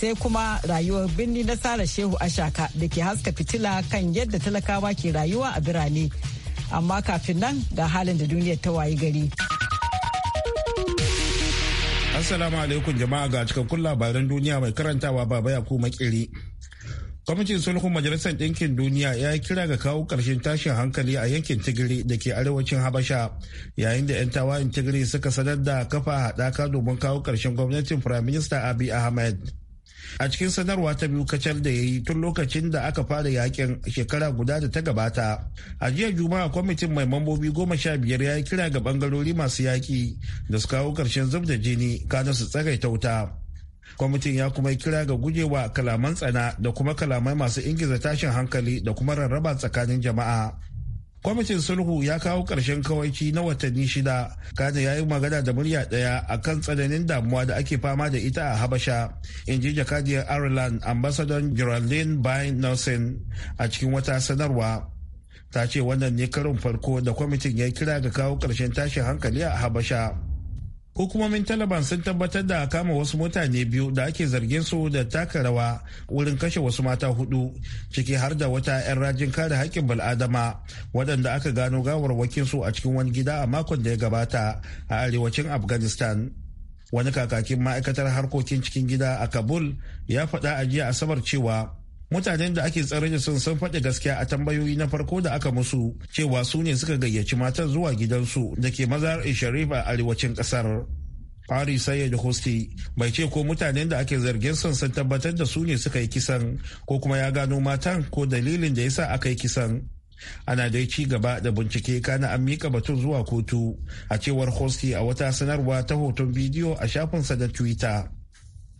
sai kuma rayuwar birni na Sara Shehu Ashaka da ke haska fitila kan yadda talakawa ke rayuwa a birane. Amma kafin nan ga halin da duniyar ta wayi gari. Assalamu alaikum jama'a ga cikakkun labaran duniya mai karantawa baba ya kuma makiri. kwamitin sulhun majalisar ɗinkin duniya ya kira ga kawo ƙarshen tashin hankali a yankin tigiri da ke arewacin habasha yayin da 'yan tawayin tigiri suka sanar da kafa haɗaka domin kawo ƙarshen gwamnatin firaminista Abiy ahmed a cikin sanarwa ta biyu kacal da ya yi tun lokacin da aka fara yakin shekara guda da ta gabata a jiya juma'a kwamitin mai mambobi goma sha biyar ya yi kira ga bangarori masu yaki da su kawo karshen zub da jini kana su ta wuta kwamitin ya kuma kira ga gujewa kalaman tsana da kuma kalamai masu ingiza tashin hankali da kuma rarraba tsakanin jama'a kwamitin sulhu ya kawo ƙarshen kawaici na watanni shida kada ya yi magana da murya ɗaya a kan tsananin damuwa da ake fama da ita a habasha in ji jakadiyar ireland ambassador geraldine by nelson a cikin wata sanarwa ta ce wannan ne karin farko da kwamitin ya kira ga kawo ƙarshen tashin hankali a habasha hukumomin taliban sun tabbatar da kama wasu mutane biyu da ake zargin su da taka rawa wurin kashe wasu mata hudu ciki har da wata 'yan rajin kare haƙƙin bal'adama waɗanda aka gano gawarwakin su a cikin wani gida a makon da ya gabata a arewacin afghanistan wani kakakin ma'aikatar harkokin cikin gida a kabul ya faɗa a jiya asabar cewa mutanen da ake tsare da sun sun faɗi gaskiya a tambayoyi na farko da aka musu cewa su ne suka gayyaci matan zuwa gidansu da ke mazar sharif a arewacin ƙasar fari Sayyid Hosti bai ce ko mutanen da ake zargin sun sun tabbatar da su ne suka yi kisan ko kuma ya gano matan ko dalilin da yasa aka yi kisan. Ana dai ci gaba da bincike kana an mika batun zuwa kotu a cewar Hosti a wata sanarwa ta hoton bidiyo a shafinsa da Twitter.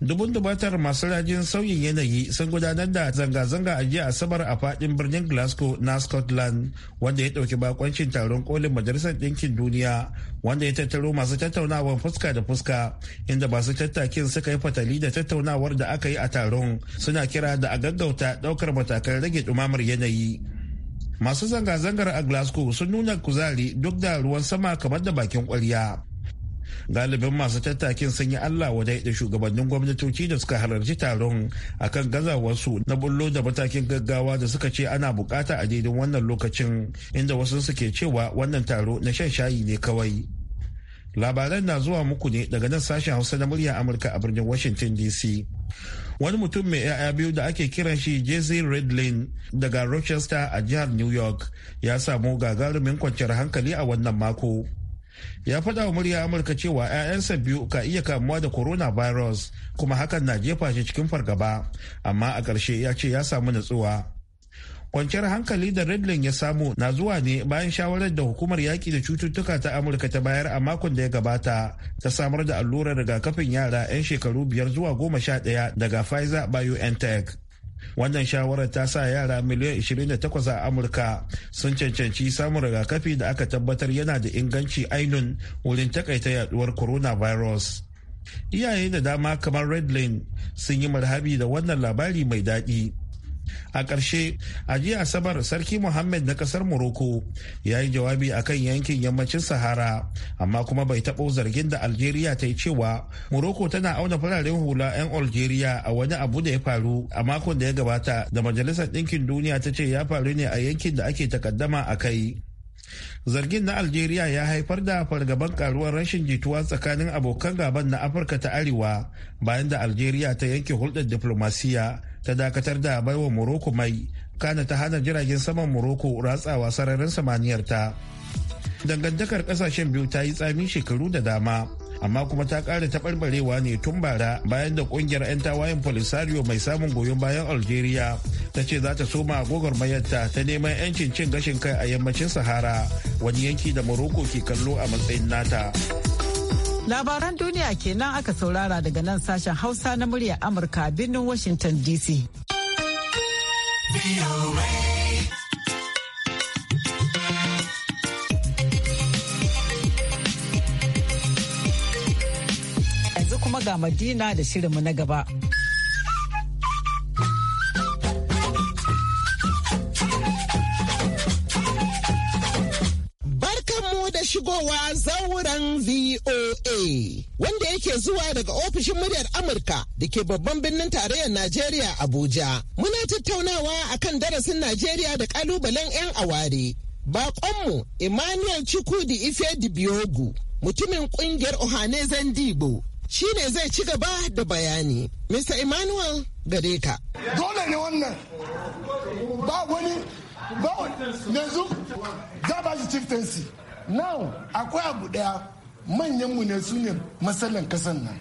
Dubun dubatar masu rajin sauyin yanayi sun gudanar da zanga-zanga a jiya Asabar a fadin birnin Glasgow na Scotland wanda ya dauki bakoncin taron kolin Majalisar Ɗinkin Duniya wanda ya tattaro masu tattaunawar fuska da fuska inda masu tattakin suka yi fatali da tattaunawar da aka yi a taron suna kira da a gaggauta ɗaukar matakan rage dumamar yanayi. Masu zanga-zangar a Glasgow sun nuna kuzari duk da ruwan sama kamar da bakin kwarya galibin masu tattakin sun yi allah wajen da shugabannin gwamnatoci da suka halarci taron akan gazawarsu na bullo da matakin gaggawa da suka ce ana bukata a daidai wannan lokacin inda wasu suke cewa wannan taro na shan shayi ne kawai labaran na zuwa muku ne daga nan sashen hausa na murya amurka a birnin washington dc wani mutum mai 'ya'ya biyu da ake kiran shi jesse redlin daga rochester a jihar new york ya samu gagarumin kwanciyar hankali a wannan mako ya faɗa wa murya amurka cewa 'ya'yansa biyu ka iya kamuwa da coronavirus kuma hakan na jefa shi cikin fargaba amma a ƙarshe ya ce ya samu natsuwa kwanciyar hankali da redlin ya samu na zuwa ne bayan shawarar da hukumar yaƙi da cututtuka ta amurka ta bayar a makon da ya gabata ta samar da allurar rigakafin yara 'yan shekaru biyar zuwa goma sha ɗaya daga pfizer biontech wannan shawarar ta sa yara miliyan 28 a amurka sun cancanci samun rigakafi da aka tabbatar yana da inganci ainun wurin takaita yaduwar coronavirus iyaye da dama kamar redlin sun yi marhabi da wannan labari mai daɗi a ƙarshe a jiya asabar sarki mohammed na ƙasar morocco ya yi jawabi a kan yankin yammacin sahara amma kuma bai taɓo zargin da algeria ta yi cewa morocco tana auna fararen hula 'yan algeria a wani abu da ya faru a makon da ya gabata da majalisar ɗinkin duniya ta ce ya faru ne a yankin da ake takaddama a kai zargin na algeria ya haifar da fargaban karuwar rashin jituwa tsakanin abokan gaban na afirka ta arewa bayan da algeria ta yanke hulɗar diflomasiya. ta dakatar da baiwa morocco mai kana ta hana jiragen saman morocco ratsawa sararin samaniyar ta dangantakar kasashen biyu ta yi tsami shekaru da dama amma kuma ta ƙara taɓarɓarewa ne tun bara bayan da ƙungiyar 'yan tawayen polisario mai samun goyon bayan algeria ta ce za ta soma agogar mayarta ta neman 'yancin cin gashin kai a yammacin sahara wani yanki da morocco ke kallo a matsayin nata. Labaran duniya kenan aka saurara daga nan sashen Hausa na murya Amurka a birnin Washington DC. Yanzu kuma ga Madina da shirinmu na gaba. VOA wanda yake zuwa daga ofishin muryar Amurka da ke babban birnin tarayyar Najeriya Abuja. Muna tattaunawa akan darasin Najeriya da kalubalen 'yan aware. Bakonmu Emmanuel Chukwudi Ife Dibiogu mutumin kungiyar Ohanezen Dibo shi ne zai ci gaba da bayani. Mr. Emmanuel gare ka. Dole ne wannan ba wani ba yanzu za ba shi chieftaincy. Now akwai abu daya manyanmu ne su ne matsalan kasan nan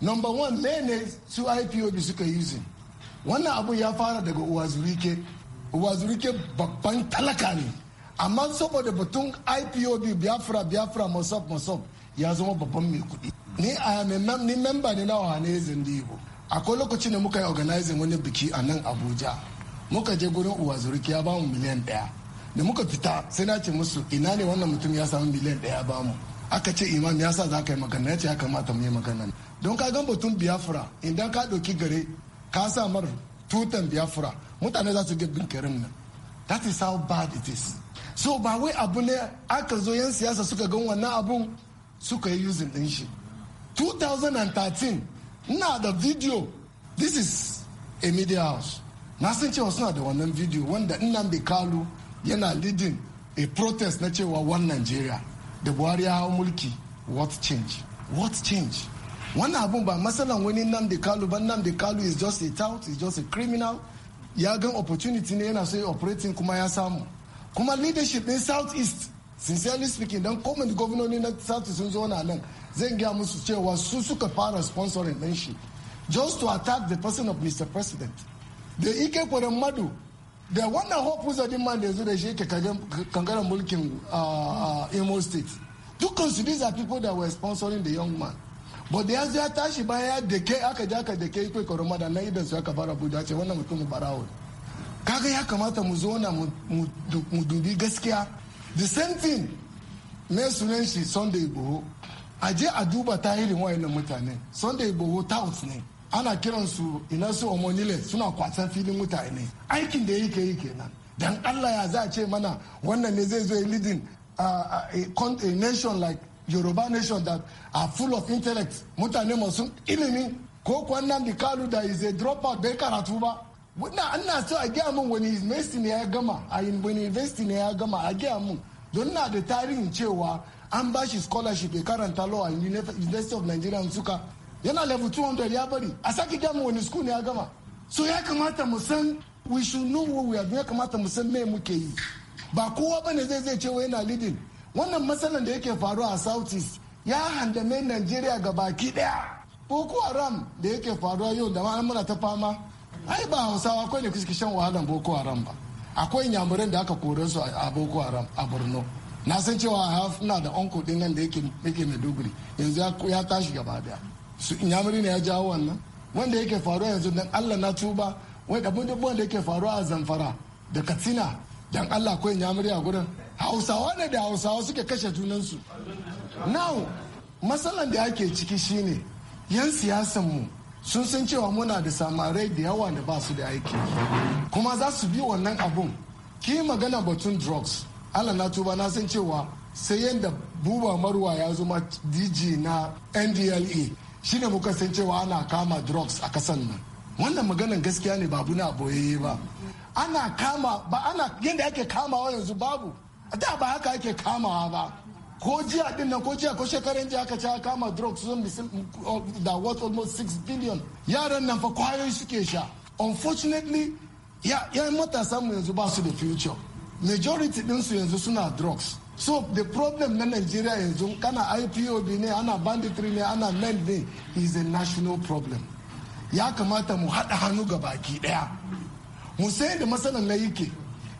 number one ne su ipob suka yi zin wannan abu ya fara daga uwazurike uwazurike babban talaka ne amma saboda batun ipob biafra biafra masop masop ya zama babban mai kuɗi ni a ni memba ne na wane ndị digo akwai lokacin da muka yi organizing wani biki a nan abuja muka je gurin uwazurike ya bamu miliyan ɗaya da muka fita sai na ce musu ina ne wannan mutum ya samu miliyan ɗaya bamu aka ce imam ya sa za ka yi magana ya ce ya kamata mu yi magana don ka gan batun biafra idan ka ɗauki gare ka sa mar tutan biafra mutane za su ga bin karin nan that is how bad it is so ba wai abu ne aka zo yan siyasa suka gan wannan abun suka yi using din shi 2013 na da video this is a media house na san cewa suna da wannan video wanda nnamdi kalu yana leading a protest na cewa one nigeria da buhari ya hau mulki what change what change wannan abun ba matsalan wani nan da kalu ban nan da kalu is just a tout is just a criminal ya gan opportunity ne yana sai operating kuma ya samu kuma leadership din south east sincerely speaking don da gwamnoni na south sun zo na nan zan gaya musu cewa su suka fara sponsoring din shi just to attack the person of mr president da ike kwarin madu da wannan hofusa din man da yanzu da shi ke kankaran mulkin uh, imo state dukansu these are people that were sponsoring the young man but da yanzu ya tashi bayan ya dake aka jaka aka dake ikwe koroma da idan su aka fara buda ce wannan mutumin barawo kaga ya kamata mu zo na mu dubi gaskiya the same thing me sunan shi sunday igboho a je a duba tahirin wayannan mutane sunday igboho tout ne ana kiran kiransu inasu omonile suna kwasan filin mutane aikin da yake yi kenan dan allah ya za ce mana wannan ne zai zo ya leading a, nation like yoruba nation that are full of intellect mutane masu ilimi ko kwannan da kalu da is a out bai karatu ba wannan na so a gaya min wani university ne ya gama a wani university ne ya gama a gaya min don na da tarihin cewa an ba shi scholarship ya karanta law a university of nigeria suka yana level 200 ya bari a sake gama wani school ne ya gama so ya kamata mu san we should know what we are doing ya kamata mu san me muke yi ba kowa bane zai zai cewa yana leading wannan matsalan da yake faruwa a south east ya handame nigeria ga baki daya Boko Haram da yake faruwa yau da ma muna ta fama ai ba Hausawa akwai ne kuke shan wahalan Boko Haram ba akwai nyamuran da aka kore su a Boko Haram a Borno na san cewa na da onko din nan da yake yake Maiduguri yanzu ya tashi gaba daya su inyamuri ne ya jawo wannan wanda yake faruwa yanzu dan allah na tuba wai abin duk wanda yake faruwa a zamfara da katsina dan allah ko inyamuri a gurin hausawa ne da hausawa suke kashe junansu now matsalan da ake ciki shine yan siyasan mu sun san cewa muna da samarai da yawa da ba su da aiki kuma za su bi wannan abun ki magana batun drugs allah na tuba na san cewa sai yadda buba marwa ya zama dj na ndla e, shine muka san cewa ana kama drugs a kasan nan wannan maganan gaskiya ne babu na boye ba ana kama ba ana yadda ake kamawa yanzu babu da ba haka ake kamawa ba ko jiya din nan ko jiya ko shekaran jiya aka ce kama drugs da worth almost 6 billion yaran nan fa kwayoyi suke sha unfortunately ya matasan mu yanzu ba su da future majority din su yanzu suna drugs so the problem na nigeria yanzu kana ipob ne ana banditry ne ana land ne is a national problem ya kamata mu haɗa hannu ga baki daya mu sai da masana na yake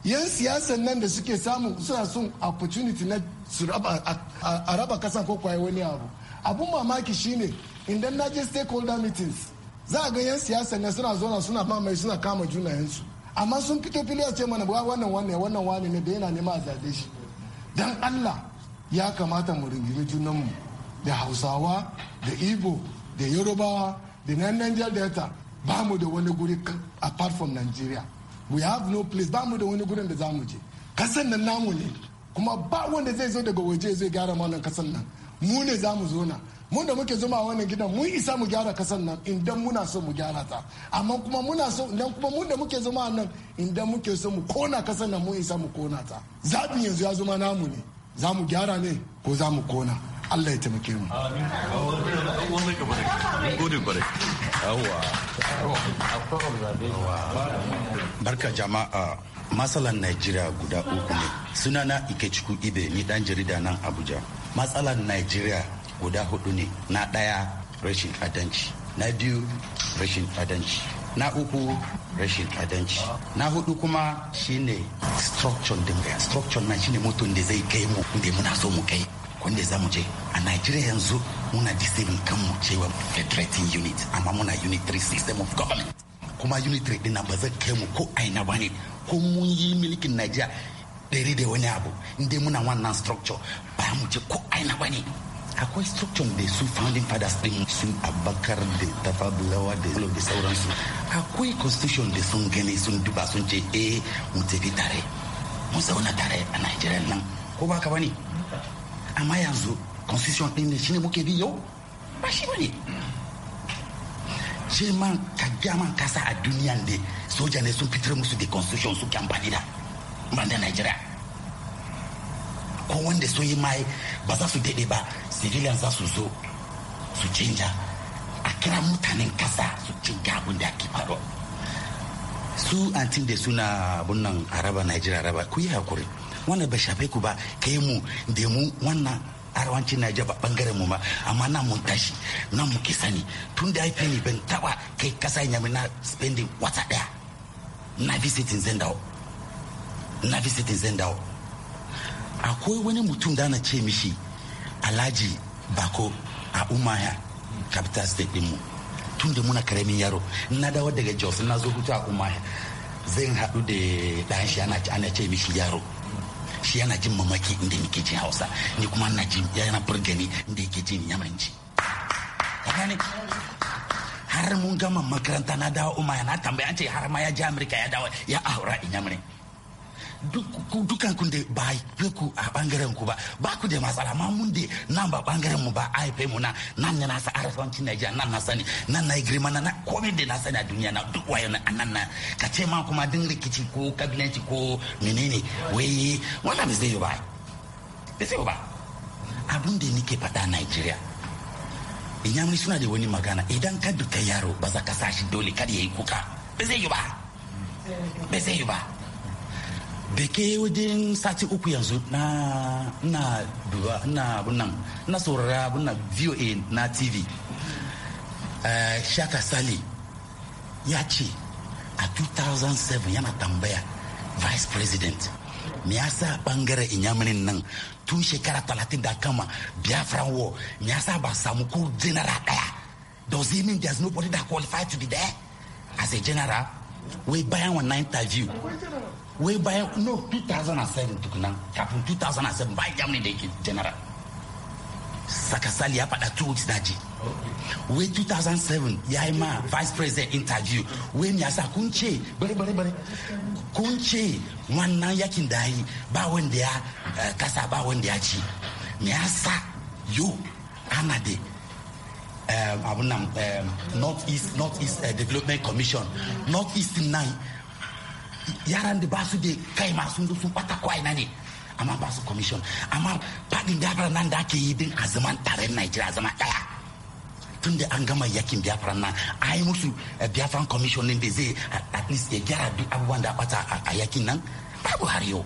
yan siyasan nan da suke samu suna son opportunity na a raba kasa ko kwaye wani abu abun mamaki shine idan na je stakeholder meetings za a ga yan siyasan nan suna zona suna mamaye suna kama yansu amma sun fito fili a ce mana wannan wannan wannan wani ne da yana nema a zaɓe shi don allah ya kamata mu rigimi junanmu da hausawa da igbo da yorubawa da nan niger delta ba mu da wani guri apart from nigeria we have no place ba mu da wani gurin da za mu je kasan nan namu ne kuma ba wanda zai zo daga waje zai gyara mana kasan nan mu ne za mu zo na mun da muke zama wannan gidan mun isa mu gyara kasan nan idan muna so mu gyara ta amma kuma muna so idan kuma mun da muke zama nan idan muke so mu kona kasan nan mun isa mu kona ta zabin yanzu ya zama namu ne za mu gyara ne ko za mu kona Allah ya taimake mu. Barka jama'a matsalar Najeriya guda uku ne. Sunana Ikechukwu Ibe ni dan jarida nan Abuja. Matsalan Najeriya guda hudu ne na ɗaya rashin adanci na biyu rashin adanci na uku rashin adanci na hudu kuma shine structure din structure na shine mutum da zai kai mu inda muna so mu kai wanda za mu je a nigeria yanzu muna deceiving kanmu cewa federating unit amma muna unitary system of government kuma unitary din ba zai kai mu ko aina ba ne ko mun yi milikin nigeria ɗari da wani abu inda muna wannan structure ba mu je ko aina ba ne akwai structure da su founding fathers din su abakar da tafabulawa da zalo da sauransu akwai constitution da sun gani sun duba sun ce eh mu tafi tare mu zauna tare a nigeria nan ko ba ka bane amma yanzu constitution din ne shine muke bi yau ba shi bane shi man ka gama kasa a duniya da soja ne sun fitar musu da constitution su kyan da ban da nigeria ko wanda sun yi mai ba za su daɗe ba civilian za su zo su canja a kira mutanen kasa su canja abin da ake faɗo su antin da suna bunnan araba nigeria araba ku yi hakuri wannan bai shafe ku ba kai mu da mu wannan arawancin nigeria ba bangaren mu ma amma na mun tashi na mu ke sani tun da haife ni ban taba kai kasa yami na spending wata daya na visiting zendawo na visiting zendawo akwai wani mutum da na ce mishi alhaji bako a umaya capital state dinmu tun da muna karamin yaro na dawo daga jos na zo hutu a umaya zan haɗu da ɗan shi ana ce mishi yaro shi yana jin mamaki inda nake jin hausa ni kuma na jin yana burgani inda yake jin yamanci har mun gama makaranta na dawo umaya na tambaya an ce har ma ya ji amurka ya dawo ya aura in yamurai dukkan da ba haife ku a bangaren ku ba ba ku da matsala ma mun da nan ba bangaren mu ba a haife mu na nan ne na sa arewacin Najeriya nan na sani nan na girma na na komai da na sani a duniya na duk wayo na nan na ka ce ma kuma din rikici ko kabilanci ko menene wai wannan ba zai yi ba ba zai yi ba abin da nake faɗa Najeriya inyamuri suna da wani magana idan ka duka yaro ba za ka sashi dole kada ya yi kuka ba zai yi ba ba zai yi ba da ke wajen sati uku yanzu na na duba na bunan na saurara bunan voa na tv shaka sali ya ce a 2007 yana tambaya vice president me yasa bangaren inyamurin nan tun shekara talatin da kama biafra war me yasa ba samu ko general daya does it mean there's nobody that qualified to be there as a general wai bayan wannan interview wai bayan no 2007 tukunan kafin 2007 bayan germany da yake general sakasali ya faɗa two weeks daji wai 2007 ya yi ma vice president interview wai me yasa kun ce bari bari bari kun ce wannan yakin da yi ba wanda ya eh, kasa ba wanda ya ci me yasa yo ana da eh, abun eh, north east north east development commission north east 9 yaran da ba su da kai masu sun bata kwaina ne amma ba su commission amma fadin biafra nan da ake yi din a zaman tarayyar nigeria zama daya tun da an gama yakin biafra nan a yi musu eh, biafran commission din da zai eh, at least ya gyara duk abubuwan da bata a yakin nan babu har yau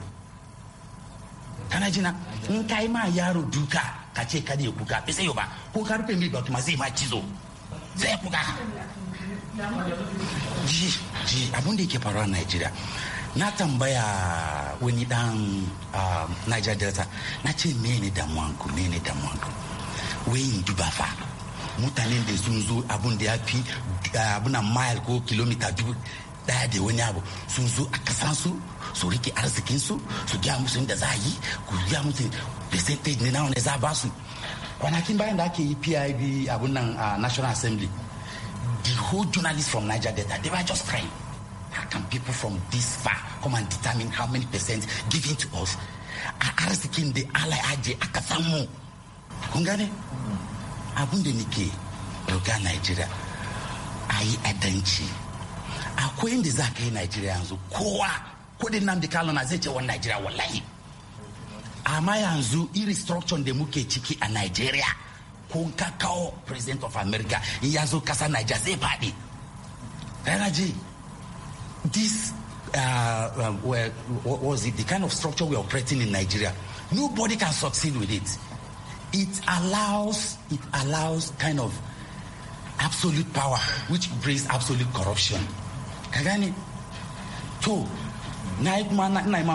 kana jina in ka yi ma yaro duka ka ce kada ya kuka bai sai ba ko ka rufe mai batu ma zai ma cizo zai kuka ji ji abin da yake faruwa a Najeriya na tambaya wani dan Niger Delta na ce mene damuwanku mene damuwanku wayin duba fa mutanen da sun zo abin da ya fi abuna mile ko kilomita dubu daya da wani abu sun zo a kasansu su rike arzikinsu su gya musu da za a yi ku gya musu percentage ne na wani za a ba su kwanakin bayan da ake yi pib abun nan a national assembly whole journalists from Niger Delta, they were just crying. How can people from this far come and determine how many percent given to us? arzikin da Allah ya aje aka samu. Kun gane? Abin da nake roga Najeriya a yi adanci. Akwai inda za ka yi Najeriya yanzu kowa kudin nan da kalona zai ce wani Najeriya wallahi. Amma yanzu iri structure da muke ciki a Najeriya. kun president of america in ya zo kasa naija zai faɗi yana this uh, um, well, what was it the kind of structure we are operating in nigeria nobody can succeed with it it allows it allows kind of absolute power which brings absolute corruption ka gane to na yi kuma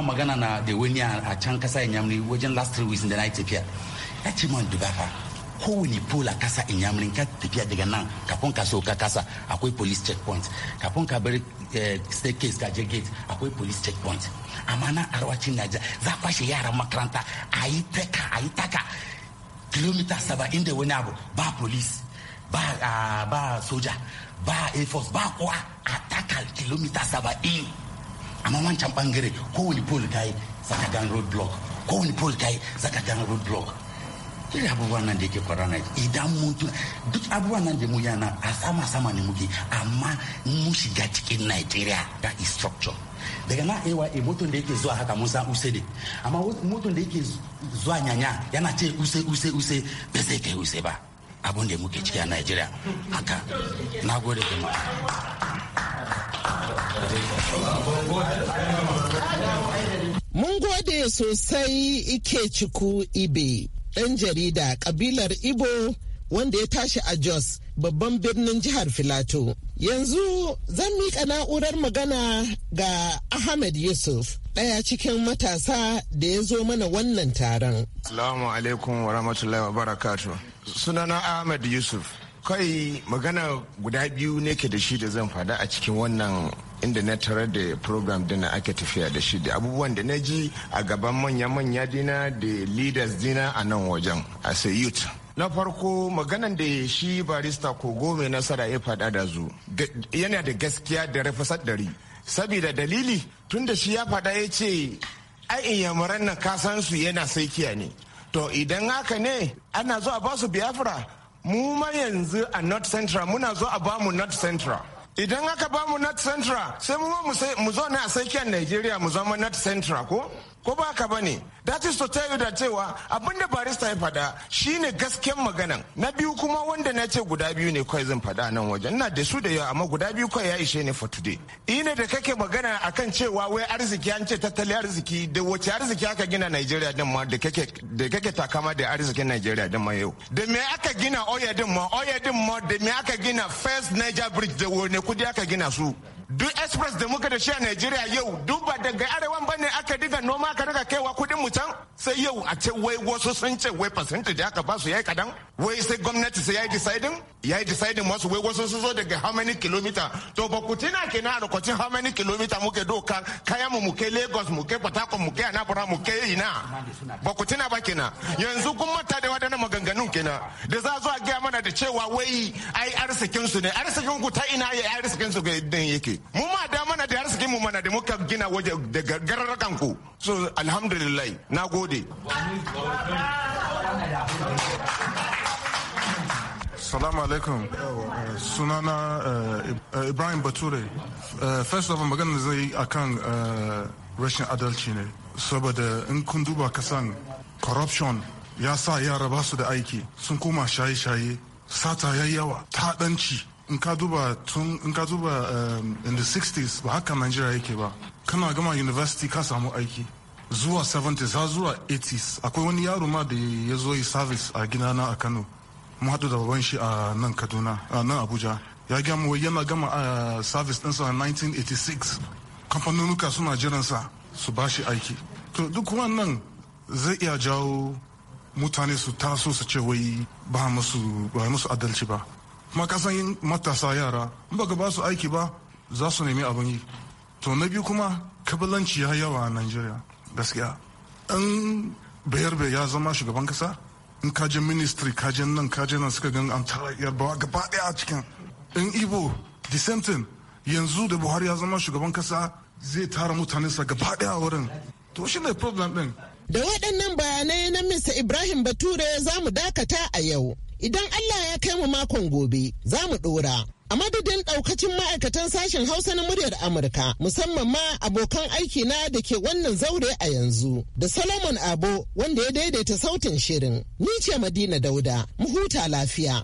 magana na da wani a can kasa yamri wajen last three weeks in the night appear. ya ce man kowane pola kasa inyamurin ka tafiya daga nan kafin ka so ka kasa akwai police checkpoint kafin ka bar eh, staircase ka je gate akwai police checkpoint amma na arwacin naija za kwashe yaran makaranta a yi taka a yi taka kilomita saba'in da wani abu ba police ba ah, ba soja ba air force ba kowa a taka kilomita saba saba'in amma wancan bangare kowane pole ka yi saka gan road block kowane pole ka yi saka gan road block irin abubuwan nan da yake kwara na idan mun tuna duk abubuwan nan da mu yana a sama sama ne muke amma mun shiga cikin nigeria da is structure daga na ewa e moton da yake zuwa haka mun san use ne amma moton da yake zuwa nyanya yana ce use use use ba zai kai use ba abun da muke ciki a nigeria haka na gode jama'a Mun gode sosai ike ciku ibe. ɗan jarida kabilar igbo wanda ya tashi a Jos babban birnin jihar Filato. Yanzu zan miƙa na'urar magana ga Ahmed Yusuf ɗaya cikin matasa da ya zo mana wannan taron. Salamu alaikum wa rahmatullahi wa barakatu. Sunana Ahmed Yusuf. Kai magana guda biyu ne ke da shi da zan fada a cikin wannan inda na tarar da program dina ake tafiya da shi da abubuwan da na ji a gaban manya-manya dina da leaders dina a nan wajen a youth na farko maganan da shi barista ko mai nasara ya fada da zu yana da gaskiya da rafasar dari saboda dalili tun da shi ya faɗa ya ce ai yamuran nan kasansu yana saikiya ne to idan haka ne ana zuwa a basu biafra mu ma yanzu a north central muna zuwa a bamu north central idan aka ba mu north central sai mu zo ne a tsakiyar nigeria mu zama north central ko ko ba ka bane that is to tell you da cewa abinda barista ya fada shine gasken maganan na biyu kuma wanda na ce guda biyu ne kawai zan fada nan wajen na da su da yawa amma guda biyu kawai ya ishe ne for today ina da kake magana akan cewa wai arziki an ce tattalin arziki da wace arziki aka gina Najeriya din ma da kake takama da arzikin Najeriya din ma yau da me aka gina oya din ma oya ma da me aka gina first Niger bridge da wani kudi aka gina su duk express da muka da shi a Najeriya yau duk ba daga arewan bane aka diga noma ka daga kaiwa kudin mu can sai yau a ce wai wasu sun ce wai percentage da aka ba su yayi kadan wai sai gwamnati sai yayi deciding yayi deciding wasu wai wasu sun zo daga how many kilometer to ba ku tina kenan a lokacin how many kilometer muke doka kaya mu muke Lagos muke Port muke Anambra muke ina ba ku tina ba kenan yanzu kun mata da wadannan maganganun kenan da za zo a gaya mana da cewa wai ai arsikin su ne arsikin ku ta ina ya arsikin su ga yake Mun mu ma da mana da arzikin mu mana da muka gina waje da gararrakan ku so alhamdulillah na gode Salamu alaikum. Sunana eh, eh, Ibrahim Bature. Eh, first of all, magana zai akan kan rashin adalci ne. Saboda in kun duba kasan corruption ya sa yara ba su da aiki sun koma shaye-shaye sata yayi yawa taɗanci in ka duba tun in ka duba um, in the 60s ba haka Najeriya yake ba kana gama university ka samu aiki zuwa 70s har zuwa 80s akwai wani yaro ma da ya zo yi service a na a Kano mu haɗu da baban shi a nan Kaduna a nan Abuja ya gama yana gama a uh, service ɗinsa a 1986 kamfanonuka suna jiransa su ba shi aiki to duk wannan zai iya jawo mutane su taso su ce wai ba musu adalci ba kuma yin matasa yara in baka ba su aiki ba za su nemi abin yi to na biyu kuma kabilanci ya yawa a najeriya gaskiya in bayarbe ya zama shugaban kasa in kaje ministry kaje nan kaje nan suka gan an tara yarbawa gaba daya a cikin in ibo the same thing yanzu da buhari ya zama shugaban kasa zai tara mutanensa gaba daya a wurin to shi ne problem din Da waɗannan bayanai na Mr. Ibrahim Bature za mu dakata a yau. Idan Allah ya kai mu makon gobe, za mu ɗora. A madadin ɗaukacin ma'aikatan sashen Hausa na muryar Amurka, musamman ma abokan aiki na da ke wannan zaure a yanzu, da Solomon Abo wanda ya daidaita sautin shirin. Ni ce Madina Dauda, mu huta lafiya.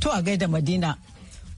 To a gaida Madina.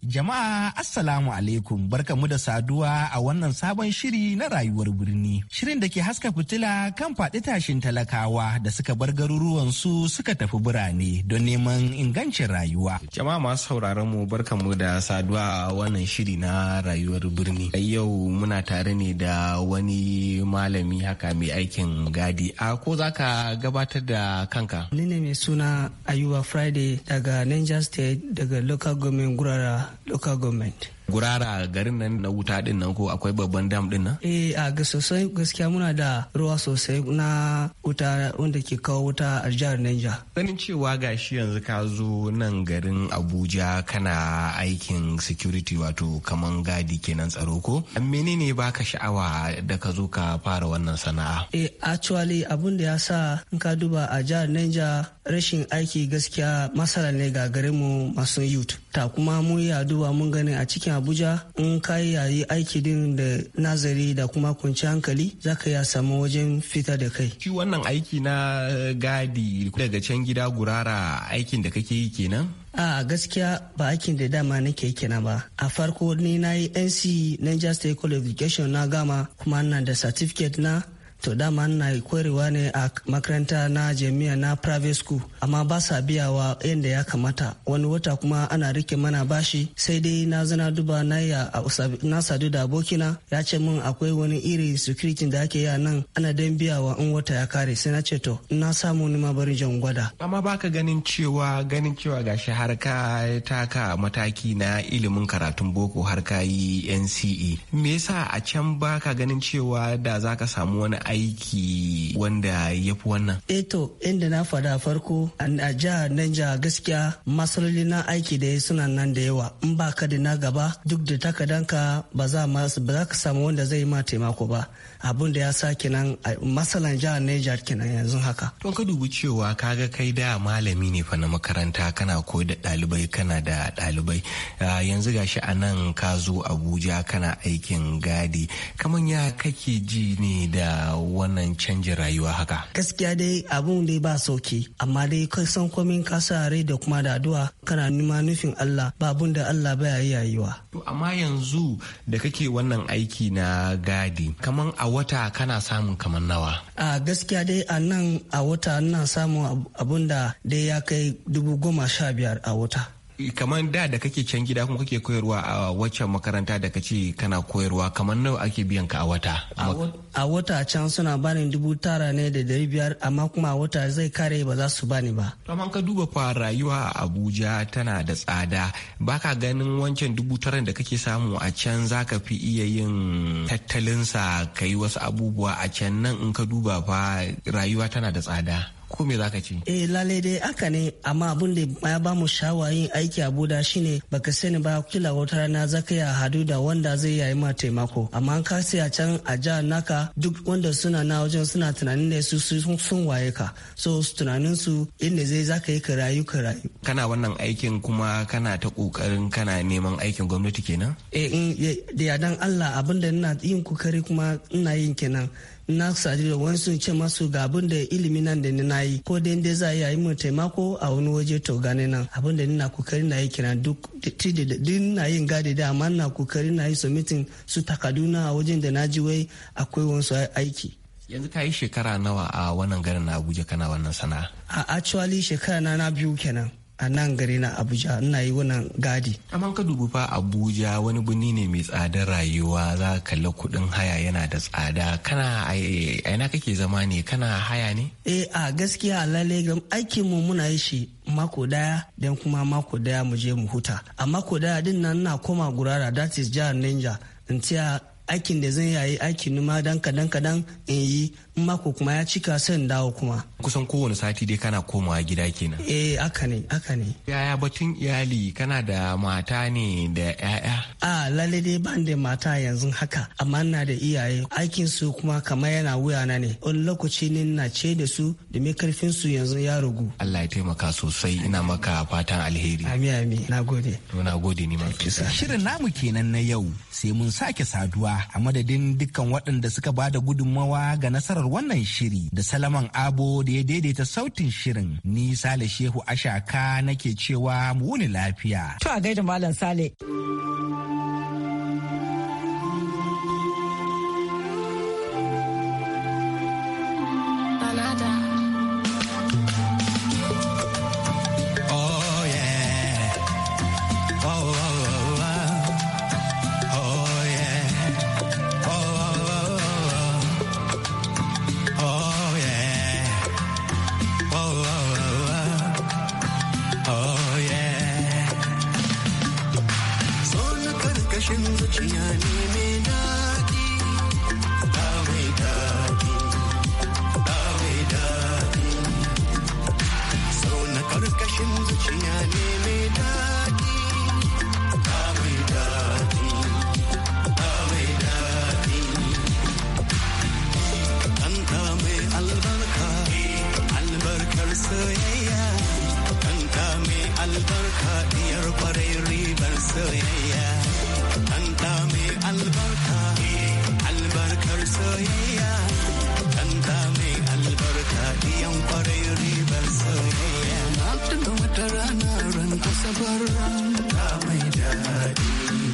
Jama'a Assalamu alaikum barkamu da saduwa a wannan sabon shiri na rayuwar birni. Shirin da ke haska fitila kan faɗi tashin talakawa da suka bar garuruwansu suka tafi birane don neman ingancin rayuwa. Jama'a masu sauraron mu barkamu da saduwa a wannan shiri na rayuwar birni. Yau muna tare ne da wani malami haka mai aikin gadi. A ko za ka gabatar da kanka? Ni ne mai suna Ayuba Friday daga Niger State daga local government gurara local government. gurara garin nan na wuta din nan ko akwai babban dam din nan? Eh a ga sosai gaskiya muna da ruwa sosai na wuta wanda ke kawo wuta a jihar Niger. Ganin cewa gashi yanzu ka zo nan garin Abuja kana aikin security wato kaman gadi kenan tsaro ko? Menene baka sha'awa da ka zo ka fara wannan sana'a? Eh actually abun da ya sa in ka duba a jihar Niger rashin aiki gaskiya masala ne ga garinmu masu youth. Ta kuma mun yi duba mun gani a cikin abuja in ka yayi aiki din da nazari da kuma kunci hankali zaka ka ya samu wajen fita da kai shi wannan aiki na eh, gadi daga can gida gurara aikin da kake yi kenan a gaskiya ba aikin da dama nake kenan ba a farko ni na yi nc niger state college of education na gama kuma na da certificate na to dama na koyarwa ne a makaranta na jami'a na private school amma ba sa biyawa yadda ya kamata wani wata kuma ana rike mana bashi sai dai na zana duba na ya na sadu da abokina ya ce min akwai wani iri security da ake yi nan ana dan biyawa in wata ya kare sai na ce to na samu ni ma bari jan gwada amma baka ganin cewa ganin cewa gashi har ka taka mataki na ilimin karatun boko har ka yi NCE me yasa a can baka ganin cewa da zaka samu wani aiki wanda ya fi wannan? Eto eh inda na fada farko a jihar Niger gaskiya masaloli na aiki da suna nan da yawa in ba ka da na gaba duk da takadanka ba za ka samu wanda zai ma taimako ba. abin da ya sake nan, masalan jihar Niger kenan yanzu haka. Don ka dubi cewa ka ga kai da malami ne fa na makaranta kana koyar da ɗalibai kana da ɗalibai yanzu gashi a nan ka zo Abuja kana aikin gadi kamar ya kake ji ne da wannan canjin rayuwa haka. Gaskiya dai abun da ba sauki amma dai kai san komin rai da kuma da addu'a kana nima nufin Allah ba abun da Allah baya yi yayiwa. To amma yanzu da kake wannan aiki na gadi kaman a wata kana samun kamar nawa a gaskiya dai a nan a wata ina samun abun da dai ya kai dubu goma sha biyar a wata kamar da da kake can gida kuma kake koyarwa a waccan makaranta da kace kana koyarwa kamar nawa ake biyan ka a wata a wata can suna bani dubu tara ne da dari biyar amma kuma a wata zai kare ba za su bani ba amma ka duba fa rayuwa a abuja tana da tsada baka ganin wancan dubu tara da kake samu a can za ka fi iya yin tattalinsa ka yi wasu abubuwa a can nan in ka duba fa rayuwa tana da tsada ko me zaka ce eh lalle dai haka ne amma abun da ya ba mu shawayin aiki a buda shine baka sani ba kila wata rana zaka ya hadu da wanda zai yayi ma taimako amma an kasi a can a jihar naka duk wanda suna na wajen suna tunanin da su sun waye ka so tunanin su inda zai zaka yi ka rayu ka kana wannan aikin kuma kana ta kokarin kana neman aikin gwamnati kenan eh da yadan Allah abinda ina yin kokari kuma ina yin kenan na sadira wani sun ce masu ga abin da ilimi nan da nina yi ko da inda za a yi mun taimako a wani waje to gane nan abin da nina kokari na yi kiran duk din na yin gadi da amma na kokari na yi submitting su takaduna a wajen da na ji wai akwai wasu aiki yanzu ka yi shekara nawa a wannan garin na abuja kana wannan sana'a a actually shekara na na biyu kenan a nan gari na abuja ina yi wannan gadi amma ka dubu fa abuja wani birni ne mai tsadar rayuwa za ka kalli kuɗin haya yana da tsada kana ina kake zama ne kana haya ne eh a gaskiya lalle gam aikin mu muna yi shi mako daya dan kuma mako daya mu je mu huta a mako daya din nan na koma gurara that is jihar ninja in aikin da zan yayi aikin numa dan kadan kadan in yi mako kuma ya cika sai dawo kuma kusan kowane sati dai kana komawa gida kenan eh aka ne aka ne yaya batun iyali kana da mata ne da yaya a lalle dai ban da mata yanzu haka amma ina da iyaye aikin su kuma kamar yana wuya na ne on lokaci ne na ce da su da me karfin su yanzu ya rugu Allah ya taimaka sosai ina maka fatan alheri amin amin nagode nagode ni ma shirin namu kenan na yau sai mun sake saduwa a madadin dukkan waɗanda suka bada gudunmawa ga nasarar wannan shiri da Salaman Abo da ya daidaita sautin shirin. Ni Sale Shehu Ashaka nake cewa mu wuni lafiya. To a gaida Malam Sale. albarka kwarai ribar soyayya ɗan ɗa mai albarka albarkar soyayya ɗan ɗa mai albarka diyan kwarai ribar soyayya na tuna wata rana ran asabar ta mai daɗi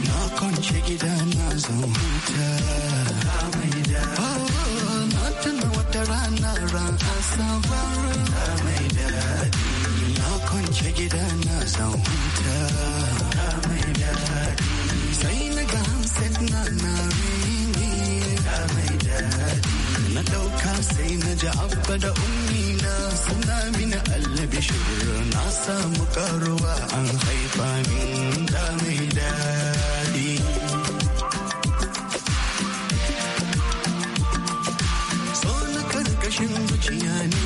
na kwance gida na zan huta ta mai daɗi oh, na tuna wata rana ran asabar ta mai daɗi kwance gida na zan huta sai na ga hamset na na rini na ɗauka sai na ji abba da ummi na suna mini allabishir na samu karuwa an haifa min da mai daɗi so na karkashin zuciya ne